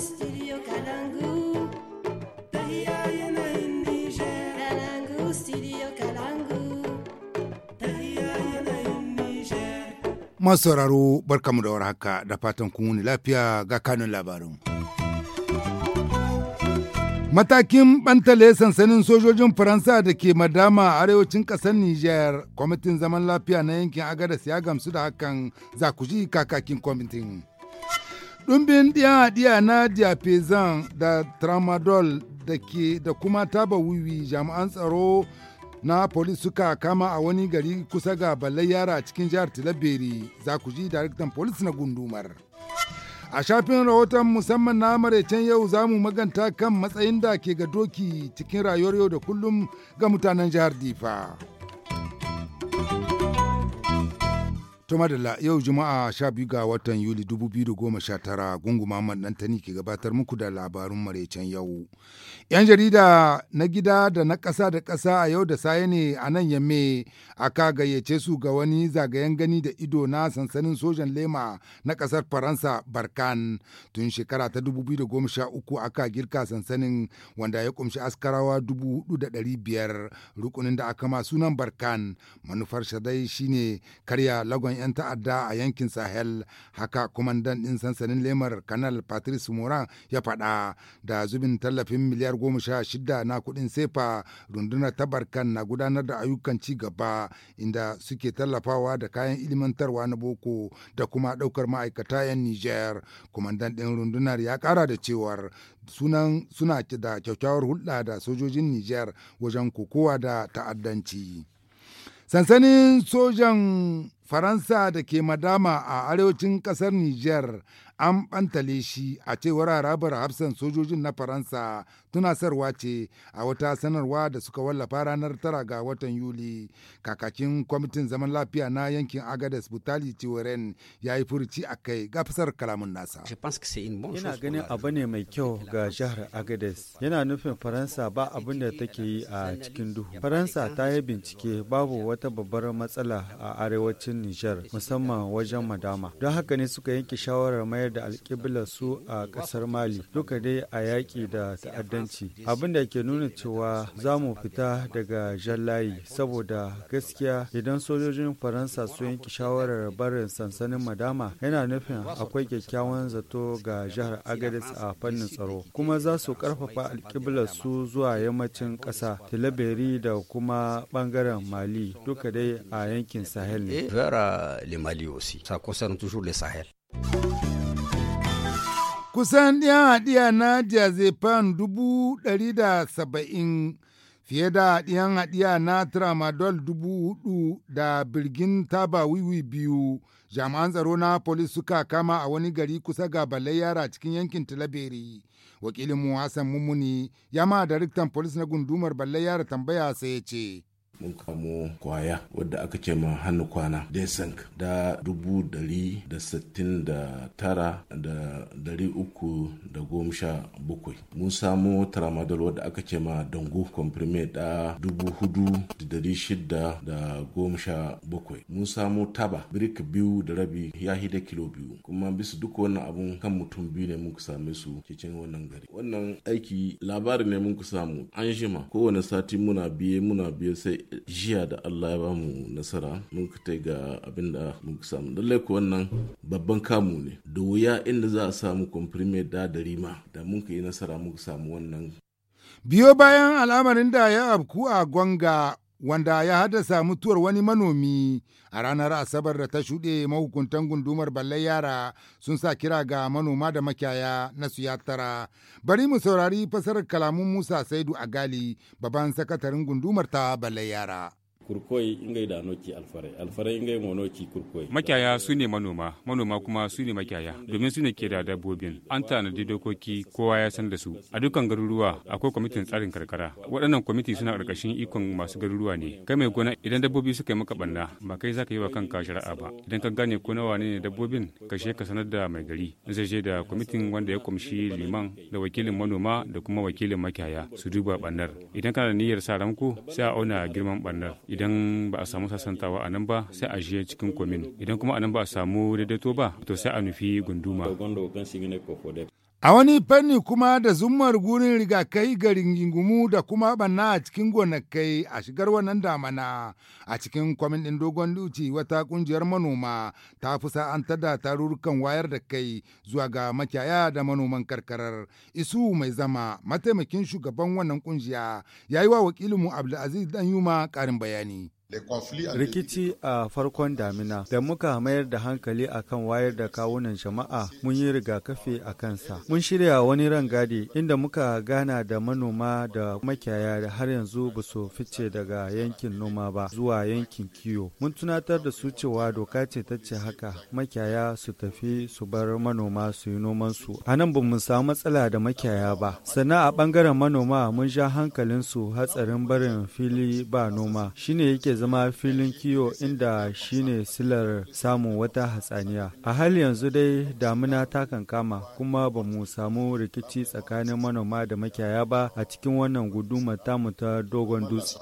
studio Masu sauraro kamu da haka da fatan kun wuni lafiya ga kanun labarin. Matakin bantale sansanin sojojin Faransa da ke madama a arewacin ƙasar Nijar, kwamitin zaman lafiya na yankin Agadas ya gamsu da hakan zakuji ji kakakin kwamitin. Ɗumbin ɗiya-ɗiya na diapezan da tramadol da ke da kuma taba wiwi jami'an tsaro na polis suka kama a wani gari kusa ga balai yara cikin jihar Tilaberi za ku ji daraktan polis na gundumar. A shafin rahoton musamman na maraicen yau za mu maganta kan matsayin da ke ga doki cikin rayuwar yau da kullum ga mutanen jihar Difa. Tuma da yau Juma'a biyu ga watan Yuli tara gungu Muhammad Dantani ke gabatar muku da labarun maraicen yau. 'Yan jarida na gida da na ƙasa da ƙasa a yau da saye ne a nan yamme aka gayyace su ga wani zagayen gani da ido na sansanin sojan lema na ƙasar Faransa Barkan tun shekara ta sha uku aka girka sansanin wanda ya kumshi askarawa dubu da biyar, rukunin da aka ma sunan Barkan manufar shadai shine karya lagon 'yan ta'adda a yankin Sahel haka kumandan ɗin sansanin lemar kanal Patrice Moran ya faɗa da zubin tallafin miliyar goma sha shida na kuɗin sefa rundunar tabarkan na gudanar da ayyukan ci gaba inda suke tallafawa da kayan ilimantarwa na boko da kuma ɗaukar ma'aikata 'yan niger Kumandan ɗin rundunar ya kara da cewar sunan suna da kyakkyawar hulɗa da sojojin niger wajen kokowa da ta'addanci. Sansanin sojan Faransa da ke madama a arewacin ƙasar Nijar an ɓantale shi a cewar harabar hafsan sojojin na Faransa tunasarwa ce a wata sanarwa da suka wallafa ranar tara ga watan Yuli. Kakakin kwamitin zaman lafiya na yankin Agades Butali Tiwaren ya yi furuci a kai gafisar kalamun nasa. Yana ganin abu ne mai kyau ga jihar Agades. Yana nufin Faransa ba abin da take yi a cikin duhu. Faransa ta yi bincike babu wata babbar matsala a arewacin kudancin Nijar musamman wajen Madama. Don haka ne suka yanke shawarar mayar da alƙiblar su a ƙasar Mali duka dai a yaƙi da ta'addanci. Abin da ke nuna cewa za mu fita daga jallayi saboda gaskiya idan sojojin Faransa su yanke shawarar barin sansanin Madama yana nufin akwai kyakkyawan zato ga jihar Agadez a fannin tsaro kuma za su karfafa alƙiblar su zuwa yammacin ƙasa Tilaberi da kuma bangaren Mali duka dai a yankin Sahel ne. envers euh, Mali aussi. Ça concerne toujours le Sahel. Kusan ɗiyan haɗiya na diazepam dubu ɗari da saba'in fiye da ɗiyan haɗiya na tramadol dubu hudu da birgin taba wiwi biyu jami'an tsaro na polis suka kama a wani gari kusa ga balai yara cikin yankin talaberi wakilin mu hassan mummuni ya ma daraktan polis na gundumar balai yara tambaya sai ya ce mun kamo kwaya wadda aka ce ma hannu kwana desank da dubu dari da sittin da tara da dari uku da goma sha bakwai mun samo tramadol wadda aka ce ma dango komprime da dubu hudu da dari shida da goma sha bakwai mun samo taba birik biyu da rabi ya hida kilo biyu kuma bisa duk wannan abun kan mutum biyu ne mun same su cikin wannan gari wannan aiki labari ne mun samu an jima kowane sati muna biye muna biye sai jiya da Allah ya bamu nasara mun kai ga abin da mun samu lallai ko wannan babban kamu ne da wuya inda za a samu komprime da da rima da mun yi nasara mun samu wannan biyo bayan al'amarin da ya afku a gwanga wanda ya haddasa mutuwar wani manomi a ranar asabar da ta shuɗe mahukuntan gundumar ballai yara sun sa kira ga manoma da makiyaya na su bari mu saurari fasarar kalamun musa saidu a gali babban sakatarin gundumar ta ballai yara kurkoi ingai da noki alfare alfarai ingai noki kurkoi makiyaya su ne manoma manoma kuma su ne makiyaya domin su ne ke da dabbobin an tanadi dokoki kowa ya san da su a dukkan garuruwa akwai kwamitin tsarin karkara waɗannan kwamiti suna ƙarƙashin ikon masu garuruwa ne kai mai gona idan dabbobi suka yi maka banna ba kai zaka yi wa kanka shari'a ba idan ka gane ko nawa ne dabbobin ka ka sanar da mai gari zai je da kwamitin wanda ya kumshi liman da wakilin manoma da kuma wakilin makiyaya su duba bannar idan kana da niyyar sa ramko sai a auna girman bannar idan ba a samu sasantawa a nan ba sai a je cikin komin idan kuma a nan ba a samu daidaito ba to sai a nufi gunduma A wani fanni kuma da zumar gurin rigakai ga gingumu da kuma banna a cikin gonakai a shigar wannan damana a cikin kwamin ɗin dogon duci wata ƙungiyar manoma ta fi sa'antar da tarurrukan wayar da kai zuwa ga makyaya da manoman karkarar. Isu mai zama mataimakin shugaban wannan ƙungiya ya yi wa wakilinmu Abdulaziz Danyuma ƙarin bayani. Rikici a farkon damina da muka mayar da hankali akan wayar da kawunan jama'a mun yi rigakafi a kansa. Mun shirya wani rangadi inda muka gana da manoma da makiyaya da har yanzu ba su fice daga yankin noma ba zuwa yankin kiyo. Mun tunatar da su cewa doka ce ta ce haka makiyaya su tafi su bar manoma su yi noman su. A nan ba mu samu matsala da makiyaya ba. Sannan a bangaren manoma mun ja hankalin su hatsarin barin fili ba noma shine yake zama filin kiwo inda shine silar samun wata hatsaniya. A hali yanzu dai damuna ta kama kuma ba mu samu rikici tsakanin manoma da makiyaya ba a cikin wannan guduma ta ta dogon dutse.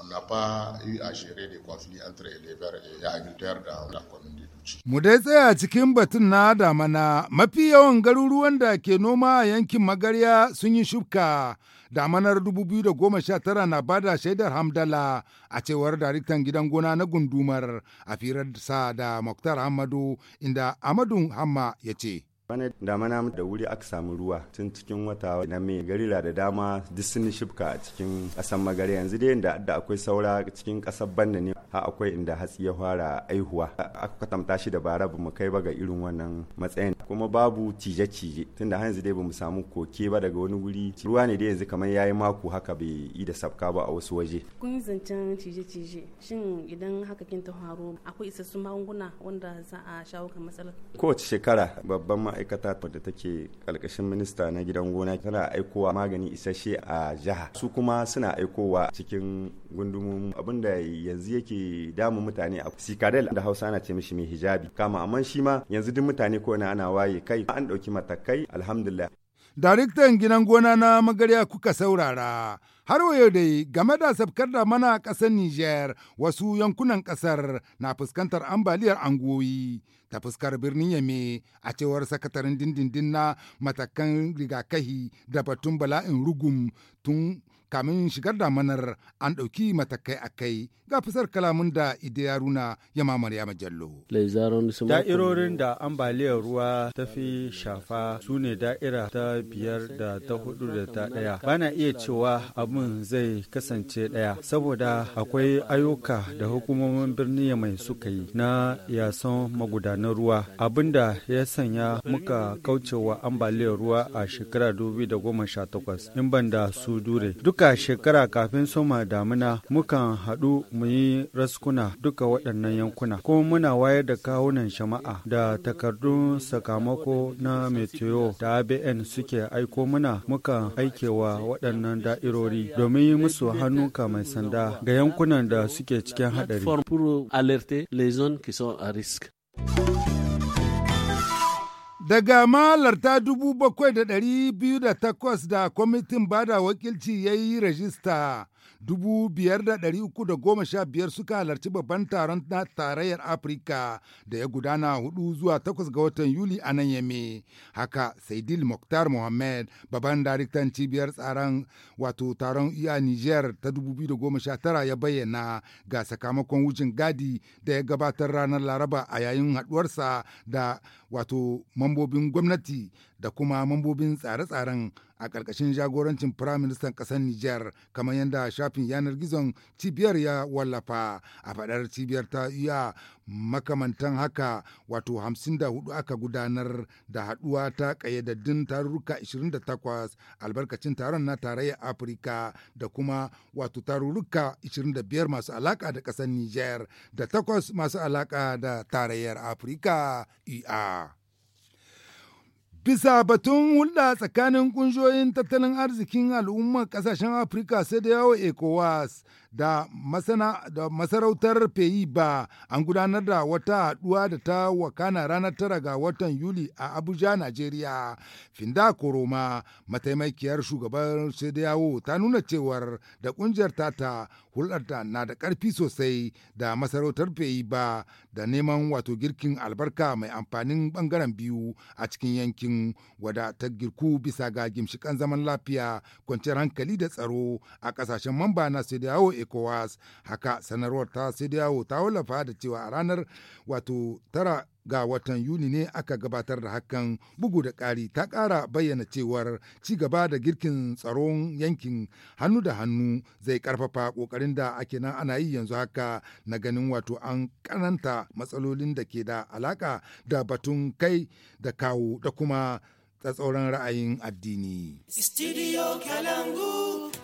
Mu dai tsaya cikin batun na damana mafi yawan garuruwan da ke noma a yankin magarya sun yi shuka damanar 2019 na bada shaidar hamdala a cewar daritan gidan gona na gundumar a firar sa da Muktar Hamadu inda Amadu Hamma ya ce. bana damana da wuri aka samu ruwa tun cikin wata na mai gari da dama duk sun shifka a cikin kasan magare yanzu dai inda da akwai saura cikin kasar banda ne ha akwai inda hatsi ya fara aihuwa aka kwatanta shi da bara bamu kai ba ga irin wannan matsayin kuma babu cije-cije tunda har yanzu dai bamu samu koke ba daga wani wuri ruwa ne dai yanzu kamar yayi mako haka bai yi da sabka ba a wasu waje kun yi zancen cije-cije shin idan haka kin ta faru akwai isassun magunguna wanda za a shawo kan matsalar kowace shekara babban ma'aikata wadda take ƙarƙashin minista na gidan gona tana aikowa magani isasshe a jiha su kuma suna aikowa cikin gundumomi abinda yanzu yake damu mutane a sikadel da hausa na ce mishi mai hijabi kama amma shi ma yanzu duk mutane ko na ana waye kai an ɗauki matakai alhamdulillah daraktan gidan gona na magarya kuka saurara har wayo dai game da sabkar da mana ƙasar niger wasu yankunan ƙasar na fuskantar ambaliyar angoyi ta fuskar birnin yame a cewar sakataren dindindin na matakan rigakahi da batun bala'in rugum tun kamin shigar da manar an ɗauki matakai a kai ga fasar kalamun da ide runa ya mamar ya majallo. Da'irorin da ambaliyar ruwa ta fi shafa su ne da'ira ta biyar da ta hudu da ta ɗaya. Bana iya cewa abin zai kasance ɗaya saboda akwai ayyuka da hukumomin birni mai suka yi na yasan magudanar ruwa da ya sanya muka kaucewa ambaliyar ruwa a shekara 2018 in ban da su dure. Duk Duka shekara kafin soma damina mukan haɗu mu yi raskuna duka waɗannan yankuna. Kuma muna wayar da kawunan shama'a da takardun sakamako na meteo da ABN suke aiko muna mukan aikewa waɗannan da'irori domin yi musu hannu mai sanda ga yankunan da suke cikin haɗari. Daga malarta dubu bakwai da ɗari biyu da takwas da kwamitin bada wakilci ya yi rajista 5,315 suka halarci babban taron na tarayyar Afirka da ya gudana 4 zuwa 8 ga watan Yuli a nan Yame. Haka Saidil Mokhtar Mohamed, babban daraktan cibiyar tsaron wato taron iya Niger ta 2019 ya bayyana ga sakamakon wucin gadi da ya gabatar ranar Laraba a yayin haɗuwarsa da wato mambobin gwamnati da kuma mambobin tsare-tsaren a ƙarƙashin jagorancin firaministan ƙasar Nijar kamar yadda shafin yanar gizon cibiyar ya wallafa a faɗar cibiyar ta iya makamantan haka wato 54 aka gudanar da haɗuwa ta ƙayyadaddun tarurruka 28 albarkacin taron na tarayyar Afirka da kuma wato tarurruka 25 masu alaƙa da ƙasar Nijar da takwas masu alaƙa da tarayyar Afirka EA. Bisa batun hulɗa tsakanin ƙungiyoyin tattalin arzikin al'ummar ƙasashen Afirka sai da yawo ECOWAS da masarautar peyi ba an gudanar da wata haɗuwa da ta wakana ranar tara ga watan yuli a abuja najeriya finda koroma mataimakiyar shugaban shediyawo ta nuna cewar da ƙungiyar tata hulɗarta na da ƙarfi sosai da masarautar peyi ba da neman wato girkin albarka mai amfanin ɓangaren biyu a cikin yankin wada ta girku bisa ga gimshikan zaman lafiya kwanciyar hankali da tsaro a ƙasashen mamba na shediyawo ECOWAS haka sanarwar ta yawo ta wallafa da cewa a ranar wato tara ga watan Yuni ne aka gabatar da hakan bugu da ƙari ta ƙara bayyana cewar ci gaba da girkin tsaron yankin hannu da hannu zai ƙarfafa ƙoƙarin da ake nan ana yi yanzu haka na ganin wato an ƙananta matsalolin da ke da alaƙa da batun kai da kawo da kuma tsatsauran ra'ayin addini. Studio Kalangu.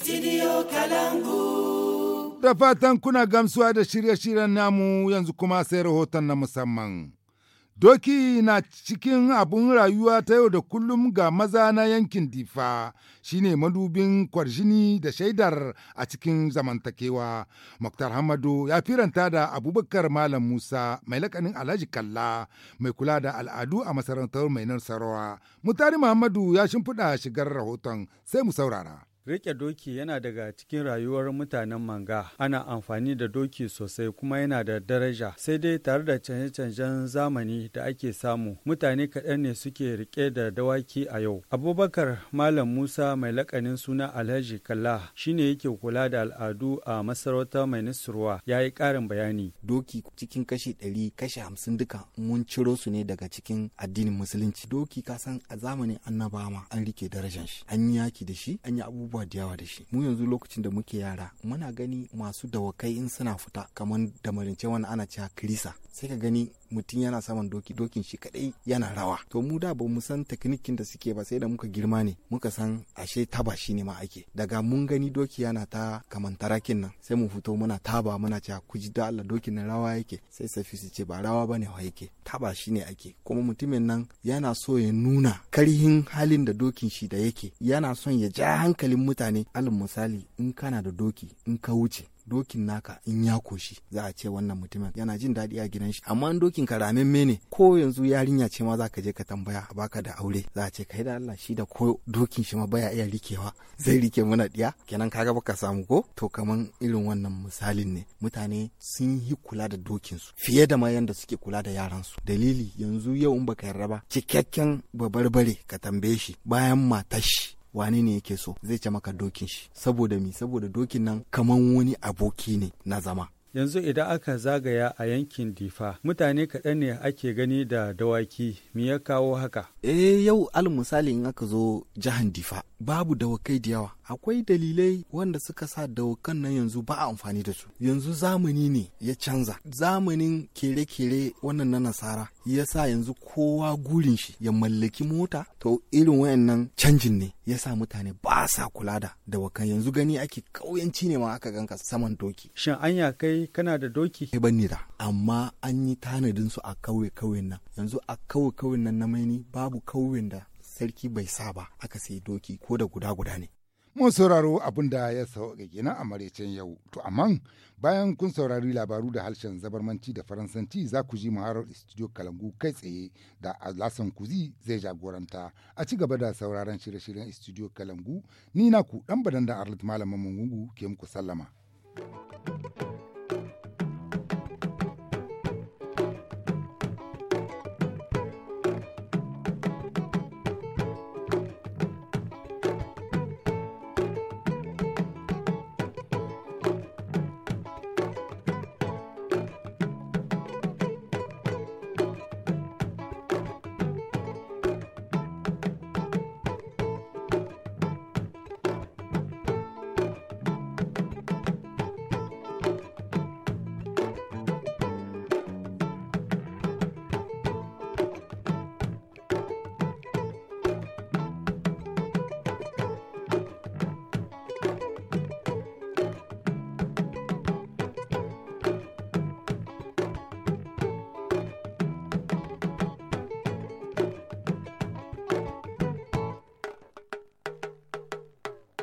Studio Kalangu. Da fatan kuna gamsuwa da shirye-shiryen namu yanzu kuma sai rahoton na musamman. Doki na cikin abun rayuwa ta yau da kullum ga maza na yankin Difa shine madubin kwarjini da shaidar a cikin zamantakewa. Muktar Hamadu ya firanta da Abubakar Malam Musa mai lakanin Alhaji Kalla mai kula da al'adu a masarautar mai nan Sarawa. Mutari Muhammadu ya shimfiɗa shigar rahoton sai mu saurara. Rike doki yana daga cikin rayuwar mutanen manga. Ana amfani da doki sosai kuma yana da daraja. Sai dai tare da canje-canjen zamani da ake samu, mutane kaɗan ne suke rike da dawaki a yau. Abubakar Malam Musa mai lakanin suna Alhaji Kalla shine yake kula da al'adu a masarautar mai Nisruwa ya yi ƙarin bayani. Doki cikin kashi ɗari kashi hamsin duka mun ciro su ne daga cikin addinin musulunci. Doki kasan a zamanin annabawa an rike darajan shi, an yi yaki da shi, an yi abubuwa abubuwa da yawa da shi mu yanzu lokacin da muke yara muna gani masu dawakai in suna fita kamar da marince wani ana cewa krisa sai ka gani mutum yana saman doki dokin shi kadai yana rawa to mu da ba mu san teknikin da suke ba sai da muka girma ne muka san ashe taba shi ne ma ake daga mun gani doki yana ta kamantarakin nan sai mu fito muna taba muna cewa ku ji da Allah dokin nan rawa yake sai safi su ce ba rawa bane wa yake taba shi ne ake kuma mutumin nan yana so ya nuna karhin halin da dokin shi da yake yana son ya ja hankalin mutane alal misali in kana da doki in ka wuce dokin naka in ya koshi za a ce wannan mutumin yana jin daɗi a gidan shi amma dokin ka ramemme ne ko yanzu yarinya ce ma za ka je ka tambaya a baka da aure za a ce kai da Allah shi da ko dokin shi ma baya iya rikewa zai rike muna diya kenan ka kaga baka samu ko to kaman irin wannan misalin ne mutane sun yi kula da dokin su fiye da ma yanda suke kula da yaran su dalili yanzu yau in baka yarda ba cikakken babarbare ka tambaye shi bayan matar shi wane ne yake so zai ce maka dokin shi saboda mi saboda dokin nan kaman wani aboki ne na zama yanzu idan aka zagaya a yankin difa mutane kaɗan ne ake gani da dawaki mi ya kawo haka eh yau al misali in aka zo jihan difa babu dawakai da yawa akwai dalilai wanda suka sa dawakan nan yanzu ba a amfani da su yanzu zamani ne ya canza zamanin kere-kere wannan na nasara ya sa yanzu kowa gurin shi ya mallaki mota to irin wayannan canjin ne ya sa mutane ba sa kula da dawakan yanzu gani ake kauyanci ne ma aka ganka saman doki shin anya kai kana da doki ban ni da amma an yi tanadin su a kauye-kauyen nan yanzu a kauye-kauyen nan na maini babu kauyen da sarki bai sa ba aka sai doki ko da guda guda ne Mun sauraro abin da ya sauƙaƙe kenan a maraicen yau. To amma bayan kun saurari labaru da harshen zabarmanci da faransanci za ku ji muharar studio Kalangu kai tsaye da Alasan Kuzi zai jagoranta. A ci gaba da sauraron shirye-shiryen studio Kalangu ni na ku ɗan badan da Arlit Malam mungungu ke muku sallama.